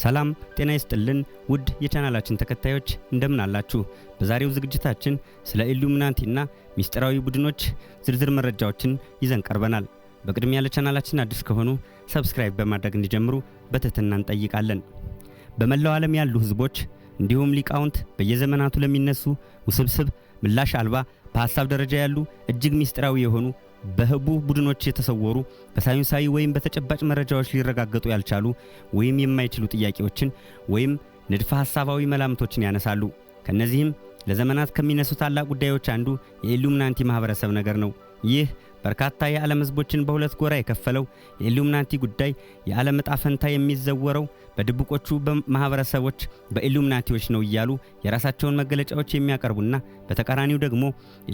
ሰላም ጤና ይስጥልን ውድ የቻናላችን ተከታዮች እንደምን አላችሁ? በዛሬው ዝግጅታችን ስለ ኢሉሚናንቲና ሚስጢራዊ ቡድኖች ዝርዝር መረጃዎችን ይዘን ቀርበናል። በቅድሚያ ለቻናላችን አዲስ ከሆኑ ሰብስክራይብ በማድረግ እንዲጀምሩ በትህትና እንጠይቃለን። በመላው ዓለም ያሉ ህዝቦች እንዲሁም ሊቃውንት በየዘመናቱ ለሚነሱ ውስብስብ ምላሽ አልባ በሀሳብ ደረጃ ያሉ እጅግ ሚስጢራዊ የሆኑ በህቡ ቡድኖች የተሰወሩ በሳይንሳዊ ወይም በተጨባጭ መረጃዎች ሊረጋገጡ ያልቻሉ ወይም የማይችሉ ጥያቄዎችን ወይም ንድፈ ሐሳባዊ መላምቶችን ያነሳሉ። ከነዚህም ለዘመናት ከሚነሱ ታላቅ ጉዳዮች አንዱ የኢሉምናንቲ ማህበረሰብ ነገር ነው። ይህ በርካታ የዓለም ህዝቦችን በሁለት ጎራ የከፈለው የኢሉምናንቲ ጉዳይ የዓለም ዕጣ ፈንታ የሚዘወረው በድብቆቹ ማህበረሰቦች በኢሉምናቲዎች ነው እያሉ የራሳቸውን መገለጫዎች የሚያቀርቡና በተቃራኒው ደግሞ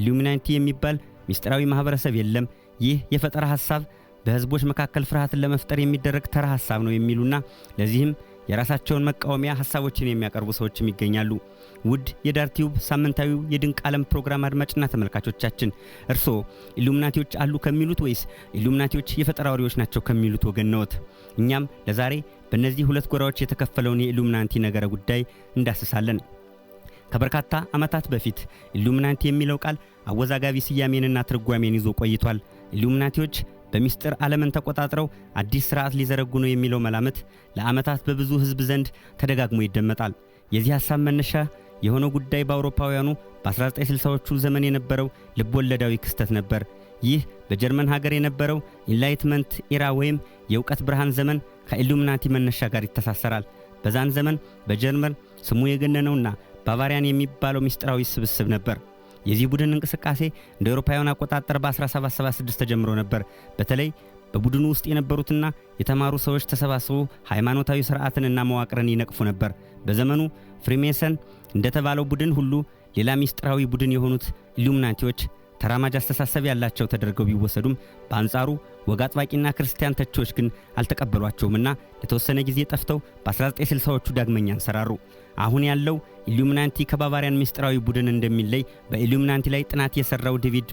ኢሉሚናንቲ የሚባል ምስጢራዊ ማህበረሰብ የለም፣ ይህ የፈጠራ ሐሳብ በህዝቦች መካከል ፍርሃትን ለመፍጠር የሚደረግ ተራ ሐሳብ ነው የሚሉና ለዚህም የራሳቸውን መቃወሚያ ሐሳቦችን የሚያቀርቡ ሰዎችም ይገኛሉ። ውድ የዳርቲዩብ ሳምንታዊው የድንቅ ዓለም ፕሮግራም አድማጭና ተመልካቾቻችን እርስዎ ኢሉሚናቲዎች አሉ ከሚሉት ወይስ ኢሉሚናቲዎች የፈጠራ ወሬዎች ናቸው ከሚሉት ወገን ነዎት? እኛም ለዛሬ በእነዚህ ሁለት ጎራዎች የተከፈለውን የኢሉሚናቲ ነገረ ጉዳይ እንዳስሳለን። ከበርካታ ዓመታት በፊት ኢሉሚናቲ የሚለው ቃል አወዛጋቢ ስያሜንና ትርጓሜን ይዞ ቆይቷል። ኢሉሚናቲዎች በሚስጥር ዓለምን ተቆጣጥረው አዲስ ስርዓት ሊዘረጉ ነው የሚለው መላምት ለዓመታት በብዙ ሕዝብ ዘንድ ተደጋግሞ ይደመጣል። የዚህ ሐሳብ መነሻ የሆነው ጉዳይ በአውሮፓውያኑ በ1960ዎቹ ዘመን የነበረው ልቦለዳዊ ክስተት ነበር። ይህ በጀርመን ሀገር የነበረው ኢንላይትመንት ኢራ ወይም የእውቀት ብርሃን ዘመን ከኢሉሚናቲ መነሻ ጋር ይተሳሰራል። በዛን ዘመን በጀርመን ስሙ የገነነውና ባቫሪያን የሚባለው ምስጢራዊ ስብስብ ነበር። የዚህ ቡድን እንቅስቃሴ እንደ አውሮፓውያን አቆጣጠር በ1776 ተጀምሮ ነበር። በተለይ በቡድኑ ውስጥ የነበሩትና የተማሩ ሰዎች ተሰባስበው ሃይማኖታዊ ሥርዓትንና መዋቅርን ይነቅፉ ነበር። በዘመኑ ፍሪሜሰን እንደተባለው ቡድን ሁሉ ሌላ ምስጢራዊ ቡድን የሆኑት ኢሉምናቲዎች ተራማጅ አስተሳሰብ ያላቸው ተደርገው ቢወሰዱም በአንጻሩ ወግ አጥባቂና ክርስቲያን ተቺዎች ግን አልተቀበሏቸውምና ለተወሰነ ጊዜ ጠፍተው በ1960ዎቹ ዳግመኛ አንሰራሩ። አሁን ያለው ኢሉሚናንቲ ከባቫሪያን ምስጢራዊ ቡድን እንደሚለይ በኢሉሚናንቲ ላይ ጥናት የሰራው ዴቪድ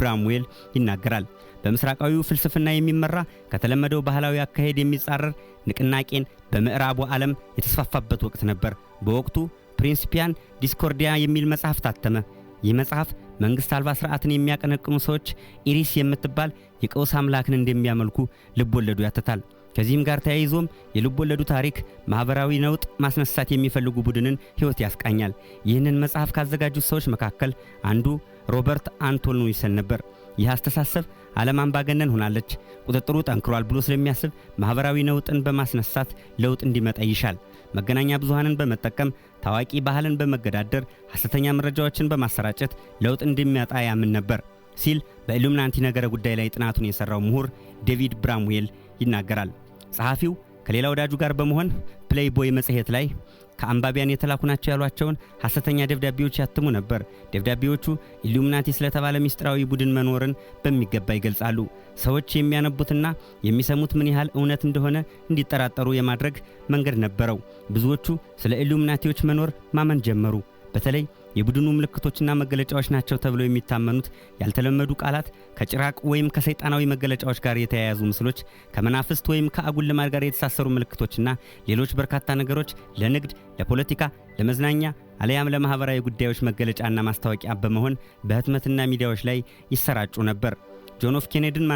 ብራምዌል ይናገራል። በምስራቃዊው ፍልስፍና የሚመራ ከተለመደው ባህላዊ አካሄድ የሚጻረር ንቅናቄን በምዕራቡ ዓለም የተስፋፋበት ወቅት ነበር። በወቅቱ ፕሪንሲፒያን ዲስኮርዲያ የሚል መጽሐፍ ታተመ። ይህ መጽሐፍ መንግሥት አልባ ሥርዓትን የሚያቀነቅኑ ሰዎች ኢሪስ የምትባል የቀውስ አምላክን እንደሚያመልኩ ልቦለዱ ያትታል። ከዚህም ጋር ተያይዞም የልቦለዱ ታሪክ ማኅበራዊ ነውጥ ማስነሳት የሚፈልጉ ቡድንን ሕይወት ያስቃኛል። ይህንን መጽሐፍ ካዘጋጁት ሰዎች መካከል አንዱ ሮበርት አንቶልኑይሰን ነበር። ይህ አስተሳሰብ ዓለም አምባገነን ሆናለች፣ ቁጥጥሩ ጠንክሯል ብሎ ስለሚያስብ ማኅበራዊ ነውጥን በማስነሳት ለውጥ እንዲመጣ ይሻል። መገናኛ ብዙሃንን በመጠቀም ታዋቂ ባህልን በመገዳደር ሐሰተኛ መረጃዎችን በማሰራጨት ለውጥ እንደሚመጣ ያምን ነበር ሲል በኢሉምናንቲ ነገረ ጉዳይ ላይ ጥናቱን የሠራው ምሁር ዴቪድ ብራምዌል ይናገራል። ጸሐፊው ከሌላ ወዳጁ ጋር በመሆን ፕሌይቦይ መጽሔት ላይ ከአንባቢያን የተላኩ ናቸው ያሏቸውን ሐሰተኛ ደብዳቤዎች ያትሙ ነበር። ደብዳቤዎቹ ኢሉሚናቲ ስለተባለ ሚስጥራዊ ቡድን መኖርን በሚገባ ይገልጻሉ። ሰዎች የሚያነቡትና የሚሰሙት ምን ያህል እውነት እንደሆነ እንዲጠራጠሩ የማድረግ መንገድ ነበረው። ብዙዎቹ ስለ ኢሉሚናቲዎች መኖር ማመን ጀመሩ። በተለይ የቡድኑ ምልክቶችና መገለጫዎች ናቸው ተብለው የሚታመኑት ያልተለመዱ ቃላት፣ ከጭራቅ ወይም ከሰይጣናዊ መገለጫዎች ጋር የተያያዙ ምስሎች፣ ከመናፍስት ወይም ከአጉል ልማድ ጋር የተሳሰሩ ምልክቶችና ሌሎች በርካታ ነገሮች ለንግድ፣ ለፖለቲካ፣ ለመዝናኛ አለያም ለማህበራዊ ጉዳዮች መገለጫና ማስታወቂያ በመሆን በህትመትና ሚዲያዎች ላይ ይሰራጩ ነበር። ጆን ኤፍ ኬኔዲን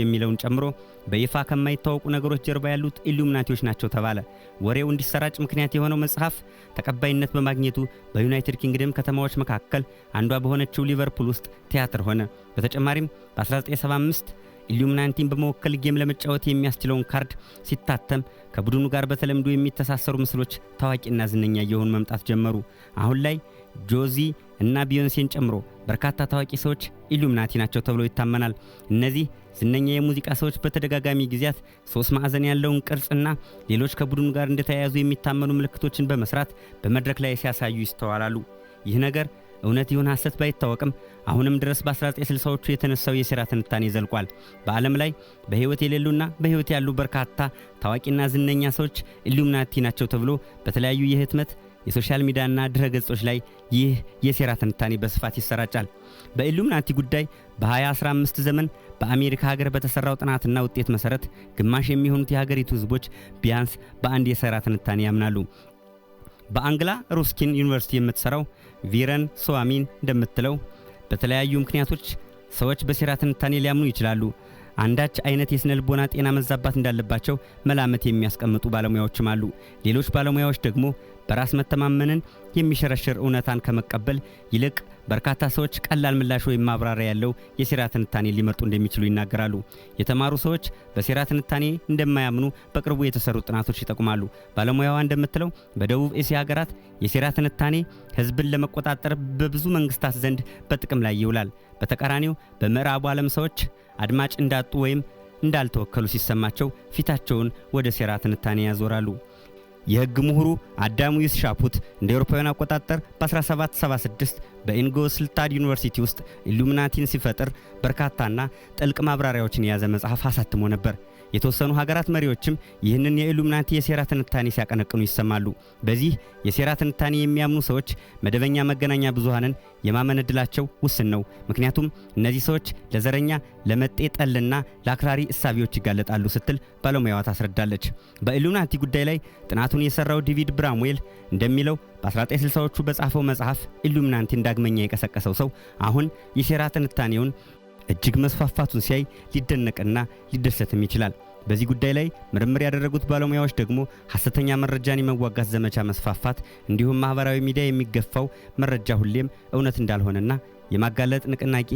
የሚለውን ጨምሮ በይፋ ከማይታወቁ ነገሮች ጀርባ ያሉት ኢሉሚናቲዎች ናቸው ተባለ። ወሬው እንዲሰራጭ ምክንያት የሆነው መጽሐፍ ተቀባይነት በማግኘቱ በዩናይትድ ኪንግደም ከተማዎች መካከል አንዷ በሆነችው ሊቨርፑል ውስጥ ቲያትር ሆነ። በተጨማሪም በ1975 ኢሉሚናቲን በመወከል ጌም ለመጫወት የሚያስችለውን ካርድ ሲታተም ከቡድኑ ጋር በተለምዶ የሚተሳሰሩ ምስሎች ታዋቂና ዝነኛ እየሆኑ መምጣት ጀመሩ። አሁን ላይ ጆዚ እና ቢዮንሴን ጨምሮ በርካታ ታዋቂ ሰዎች ኢሉምናቲ ናቸው ተብሎ ይታመናል። እነዚህ ዝነኛ የሙዚቃ ሰዎች በተደጋጋሚ ጊዜያት ሶስት ማዕዘን ያለውን ቅርጽና ሌሎች ከቡድኑ ጋር እንደተያያዙ የሚታመኑ ምልክቶችን በመስራት በመድረክ ላይ ሲያሳዩ ይስተዋላሉ። ይህ ነገር እውነት ይሁን ሐሰት ባይታወቅም አሁንም ድረስ በ1960ዎቹ የተነሳው የሴራ ትንታኔ ዘልቋል። በዓለም ላይ በሕይወት የሌሉና በሕይወት ያሉ በርካታ ታዋቂና ዝነኛ ሰዎች ኢሉምናቲ ናቸው ተብሎ በተለያዩ የህትመት የሶሻል ሚዲያና ድረ ገጾች ላይ ይህ የሴራ ትንታኔ በስፋት ይሰራጫል። በኢሉምናቲ ጉዳይ በ2015 ዘመን በአሜሪካ ሀገር በተሰራው ጥናትና ውጤት መሰረት ግማሽ የሚሆኑት የሀገሪቱ ህዝቦች ቢያንስ በአንድ የሴራ ትንታኔ ያምናሉ። በአንግላ ሩስኪን ዩኒቨርሲቲ የምትሰራው ቪረን ሶዋሚን እንደምትለው በተለያዩ ምክንያቶች ሰዎች በሴራ ትንታኔ ሊያምኑ ይችላሉ። አንዳች አይነት የስነ ልቦና ጤና መዛባት እንዳለባቸው መላመት የሚያስቀምጡ ባለሙያዎችም አሉ። ሌሎች ባለሙያዎች ደግሞ በራስ መተማመንን የሚሸረሽር እውነታን ከመቀበል ይልቅ በርካታ ሰዎች ቀላል ምላሽ ወይም ማብራሪያ ያለው የሴራ ትንታኔ ሊመርጡ እንደሚችሉ ይናገራሉ። የተማሩ ሰዎች በሴራ ትንታኔ እንደማያምኑ በቅርቡ የተሰሩ ጥናቶች ይጠቁማሉ። ባለሙያዋ እንደምትለው በደቡብ እስያ ሀገራት የሴራ ትንታኔ ሕዝብን ለመቆጣጠር በብዙ መንግስታት ዘንድ በጥቅም ላይ ይውላል። በተቃራኒው በምዕራቡ ዓለም ሰዎች አድማጭ እንዳጡ ወይም እንዳልተወከሉ ሲሰማቸው ፊታቸውን ወደ ሴራ ትንታኔ ያዞራሉ። የህግ ምሁሩ አዳሙ ሻፑት እንደ አውሮፓውያን አቆጣጠር በ1776 በኢንጎ ስልጣድ ዩኒቨርሲቲ ውስጥ ኢሉሚናቲን ሲፈጥር በርካታና ጥልቅ ማብራሪያዎችን የያዘ መጽሐፍ አሳትሞ ነበር። የተወሰኑ ሀገራት መሪዎችም ይህንን የኢሉሚናቲ የሴራ ትንታኔ ሲያቀነቅኑ ይሰማሉ። በዚህ የሴራ ትንታኔ የሚያምኑ ሰዎች መደበኛ መገናኛ ብዙሃንን የማመን ዕድላቸው ውስን ነው። ምክንያቱም እነዚህ ሰዎች ለዘረኛ፣ ለመጤ ጠልና ለአክራሪ እሳቢዎች ይጋለጣሉ ስትል ባለሙያዋ ታስረዳለች። በኢሉሚናቲ ጉዳይ ላይ ጥናቱን የሰራው ዴቪድ ብራምዌል እንደሚለው በ1960ዎቹ በጻፈው መጽሐፍ ኢሉሚናንቲን ዳግመኛ የቀሰቀሰው ሰው አሁን የሴራ ትንታኔውን እጅግ መስፋፋቱን ሲያይ ሊደነቅና ሊደሰትም ይችላል። በዚህ ጉዳይ ላይ ምርምር ያደረጉት ባለሙያዎች ደግሞ ሐሰተኛ መረጃን የመዋጋት ዘመቻ መስፋፋት፣ እንዲሁም ማህበራዊ ሚዲያ የሚገፋው መረጃ ሁሌም እውነት እንዳልሆነና የማጋለጥ ንቅናቄ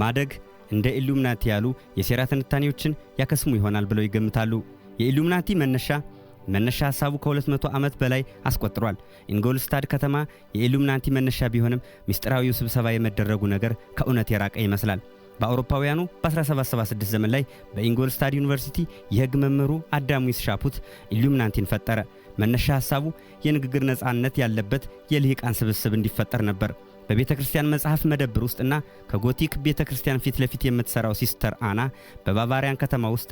ማደግ እንደ ኢሉሚናቲ ያሉ የሴራ ትንታኔዎችን ያከስሙ ይሆናል ብለው ይገምታሉ። የኢሉሚናቲ መነሻ መነሻ ሀሳቡ ከ200 ዓመት በላይ አስቆጥሯል። ኢንጎልስታድ ከተማ የኢሉምናንቲ መነሻ ቢሆንም ምስጢራዊው ስብሰባ የመደረጉ ነገር ከእውነት የራቀ ይመስላል። በአውሮፓውያኑ በ1776 ዘመን ላይ በኢንጎልስታድ ዩኒቨርሲቲ የሕግ መምህሩ አዳም ዊስሻፑት ኢሉምናንቲን ፈጠረ። መነሻ ሐሳቡ የንግግር ነፃነት ያለበት የልሂቃን ስብስብ እንዲፈጠር ነበር። በቤተ ክርስቲያን መጽሐፍ መደብር ውስጥና ከጎቲክ ቤተ ክርስቲያን ፊት ለፊት የምትሠራው ሲስተር አና በባቫሪያን ከተማ ውስጥ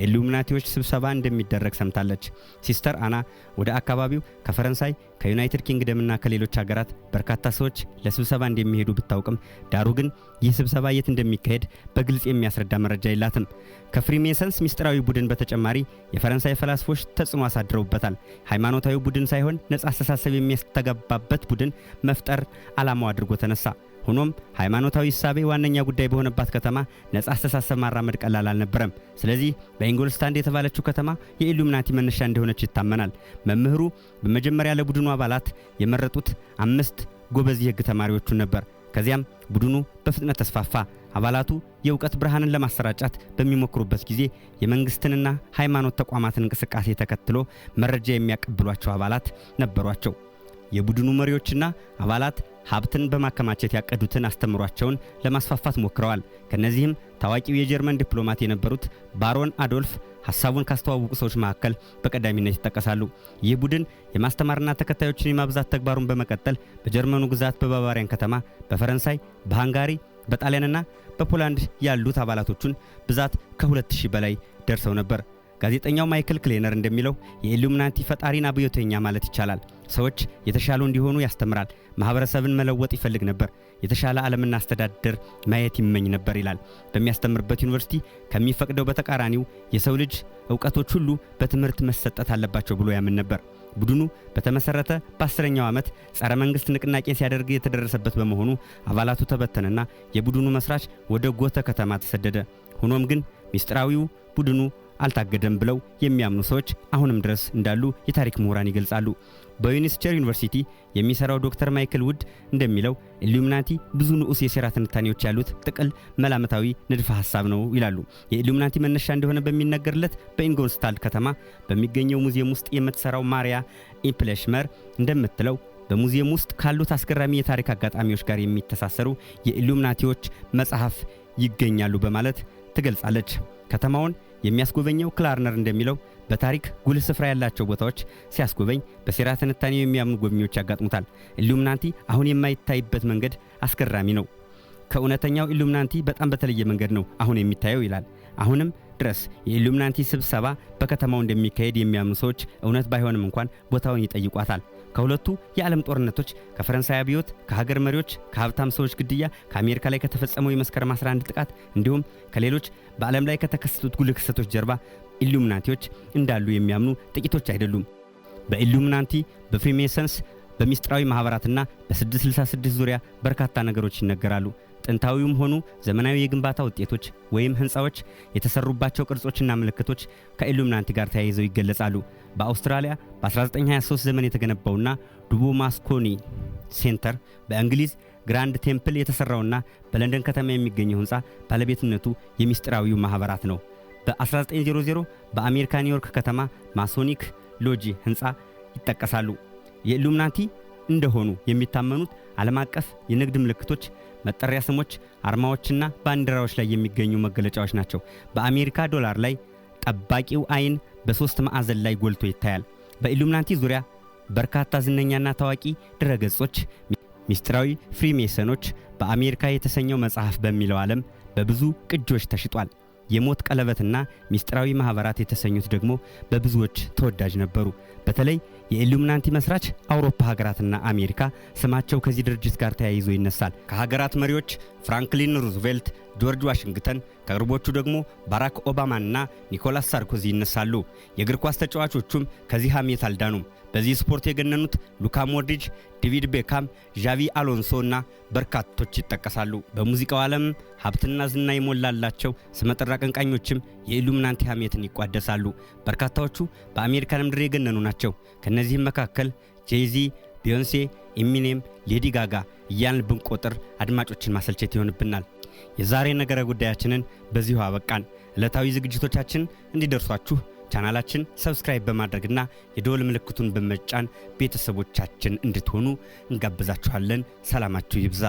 የኢሉሚናቲዎች ስብሰባ እንደሚደረግ ሰምታለች። ሲስተር አና ወደ አካባቢው ከፈረንሳይ ከዩናይትድ ኪንግደምና ከሌሎች ሀገራት በርካታ ሰዎች ለስብሰባ እንደሚሄዱ ብታውቅም ዳሩ ግን ይህ ስብሰባ የት እንደሚካሄድ በግልጽ የሚያስረዳ መረጃ የላትም። ከፍሪሜሰንስ ሚስጢራዊ ቡድን በተጨማሪ የፈረንሳይ ፈላስፎች ተጽዕኖ አሳድረውበታል። ሃይማኖታዊ ቡድን ሳይሆን ነጻ አስተሳሰብ የሚያስተጋባበት ቡድን መፍጠር ዓላማው አድርጎ ተነሳ። ሆኖም ሃይማኖታዊ እሳቤ ዋነኛ ጉዳይ በሆነባት ከተማ ነጻ አስተሳሰብ ማራመድ ቀላል አልነበረም። ስለዚህ በኢንጎልስታንድ የተባለችው ከተማ የኢሉሚናቲ መነሻ እንደሆነች ይታመናል። መምህሩ በመጀመሪያ ለቡድኑ አባላት የመረጡት አምስት ጎበዝ የህግ ተማሪዎቹን ነበር። ከዚያም ቡድኑ በፍጥነት ተስፋፋ። አባላቱ የእውቀት ብርሃንን ለማሰራጫት በሚሞክሩበት ጊዜ የመንግስትንና ሃይማኖት ተቋማትን እንቅስቃሴ ተከትሎ መረጃ የሚያቀብሏቸው አባላት ነበሯቸው። የቡድኑ መሪዎችና አባላት ሀብትን በማከማቸት ያቀዱትን አስተምሯቸውን ለማስፋፋት ሞክረዋል። ከነዚህም ታዋቂው የጀርመን ዲፕሎማት የነበሩት ባሮን አዶልፍ ሀሳቡን ካስተዋወቁ ሰዎች መካከል በቀዳሚነት ይጠቀሳሉ። ይህ ቡድን የማስተማርና ተከታዮችን የማብዛት ተግባሩን በመቀጠል በጀርመኑ ግዛት በባቫሪያን ከተማ፣ በፈረንሳይ፣ በሃንጋሪ፣ በጣሊያንና በፖላንድ ያሉት አባላቶቹን ብዛት ከ ሺህ በላይ ደርሰው ነበር። ጋዜጠኛው ማይክል ክሌነር እንደሚለው የኢሉሚናቲ ፈጣሪን አብዮተኛ ማለት ይቻላል። ሰዎች የተሻሉ እንዲሆኑ ያስተምራል። ማህበረሰብን መለወጥ ይፈልግ ነበር። የተሻለ ዓለምና አስተዳደር ማየት ይመኝ ነበር ይላል። በሚያስተምርበት ዩኒቨርሲቲ ከሚፈቅደው በተቃራኒው የሰው ልጅ እውቀቶች ሁሉ በትምህርት መሰጠት አለባቸው ብሎ ያምን ነበር። ቡድኑ በተመሰረተ በአስረኛው ዓመት ጸረ መንግስት ንቅናቄ ሲያደርግ የተደረሰበት በመሆኑ አባላቱ ተበተነና የቡድኑ መስራች ወደ ጎተ ከተማ ተሰደደ። ሆኖም ግን ሚስጥራዊው ቡድኑ አልታገደም ብለው የሚያምኑ ሰዎች አሁንም ድረስ እንዳሉ የታሪክ ምሁራን ይገልጻሉ። በዩኒስቸር ዩኒቨርሲቲ የሚሰራው ዶክተር ማይክል ውድ እንደሚለው ኢሉሚናቲ ብዙ ንዑስ የሴራ ትንታኔዎች ያሉት ጥቅል መላምታዊ ንድፈ ሐሳብ ነው ይላሉ። የኢሉሚናቲ መነሻ እንደሆነ በሚነገርለት በኢንጎንስታልድ ከተማ በሚገኘው ሙዚየም ውስጥ የምትሰራው ማሪያ ኢምፕሌሽመር እንደምትለው በሙዚየም ውስጥ ካሉት አስገራሚ የታሪክ አጋጣሚዎች ጋር የሚተሳሰሩ የኢሉሚናቲዎች መጽሐፍ ይገኛሉ በማለት ትገልጻለች። ከተማውን የሚያስጎበኘው ክላርነር እንደሚለው በታሪክ ጉልህ ስፍራ ያላቸው ቦታዎች ሲያስጎበኝ በሴራ ትንታኔ የሚያምኑ ጎብኚዎች ያጋጥሙታል። ኢሉምናንቲ አሁን የማይታይበት መንገድ አስገራሚ ነው። ከእውነተኛው ኢሉምናንቲ በጣም በተለየ መንገድ ነው አሁን የሚታየው ይላል። አሁንም ድረስ የኢሉምናንቲ ስብሰባ በከተማው እንደሚካሄድ የሚያምኑ ሰዎች እውነት ባይሆንም እንኳን ቦታውን ይጠይቋታል። ከሁለቱ የዓለም ጦርነቶች ከፈረንሳይ አብዮት፣ ከሀገር መሪዎች፣ ከሀብታም ሰዎች ግድያ፣ ከአሜሪካ ላይ ከተፈጸመው የመስከረም 11 ጥቃት እንዲሁም ከሌሎች በዓለም ላይ ከተከሰቱት ጉልህ ክስተቶች ጀርባ ኢሉሚናቲዎች እንዳሉ የሚያምኑ ጥቂቶች አይደሉም። በኢሉሚናቲ፣ በፍሪሜሰንስ፣ በሚስጥራዊ ማኅበራትና በ666 ዙሪያ በርካታ ነገሮች ይነገራሉ። ጥንታዊውም ሆኑ ዘመናዊ የግንባታ ውጤቶች ወይም ሕንፃዎች የተሰሩባቸው ቅርጾችና ምልክቶች ከኢሉሚናቲ ጋር ተያይዘው ይገለጻሉ። በአውስትራሊያ በ1923 ዘመን የተገነባውና ዱቡ ማስኮኒ ሴንተር በእንግሊዝ ግራንድ ቴምፕል የተሠራውና በለንደን ከተማ የሚገኘው ሕንፃ ባለቤትነቱ የሚስጥራዊው ማኅበራት ነው። በ1900 በአሜሪካ ኒውዮርክ ከተማ ማሶኒክ ሎጂ ሕንፃ ይጠቀሳሉ። የኢሉምናቲ እንደሆኑ የሚታመኑት ዓለም አቀፍ የንግድ ምልክቶች፣ መጠሪያ ስሞች፣ አርማዎችና ባንዲራዎች ላይ የሚገኙ መገለጫዎች ናቸው። በአሜሪካ ዶላር ላይ ጠባቂው አይን በሦስት ማዕዘን ላይ ጎልቶ ይታያል። በኢሉምናንቲ ዙሪያ በርካታ ዝነኛና ታዋቂ ድረገጾች፣ ሚስጢራዊ ፍሪሜሰኖች፣ በአሜሪካ የተሰኘው መጽሐፍ በሚለው ዓለም በብዙ ቅጆች ተሽጧል። የሞት ቀለበትና ሚስጢራዊ ማኅበራት የተሰኙት ደግሞ በብዙዎች ተወዳጅ ነበሩ። በተለይ የኢሉምናንቲ መስራች አውሮፓ ሀገራትና አሜሪካ ስማቸው ከዚህ ድርጅት ጋር ተያይዞ ይነሳል። ከሀገራት መሪዎች ፍራንክሊን ሩዝቬልት ጆርጅ ዋሽንግተን፣ ከቅርቦቹ ደግሞ ባራክ ኦባማና ኒኮላስ ሳርኮዚ ይነሳሉ። የእግር ኳስ ተጫዋቾቹም ከዚህ ሀሜት አልዳኑም። በዚህ ስፖርት የገነኑት ሉካ ሞድሪጅ፣ ዴቪድ ቤካም፣ ዣቪ አሎንሶ እና በርካቶች ይጠቀሳሉ። በሙዚቃው ዓለም ሀብትና ዝና የሞላላቸው ስመጥር አቀንቃኞችም የኢሉምናንቲ ሀሜትን ይቋደሳሉ። በርካታዎቹ በአሜሪካን ምድር የገነኑ ናቸው። ከእነዚህም መካከል ጄይዚ፣ ቢዮንሴ፣ ኢሚኔም፣ ሌዲ ጋጋ እያልን ብንቆጥር አድማጮችን ማሰልቸት ይሆንብናል። የዛሬ ነገረ ጉዳያችንን በዚሁ አበቃን። ዕለታዊ ዝግጅቶቻችን እንዲደርሷችሁ ቻናላችን ሰብስክራይብ በማድረግና የደወል ምልክቱን በመጫን ቤተሰቦቻችን እንድትሆኑ እንጋብዛችኋለን። ሰላማችሁ ይብዛ።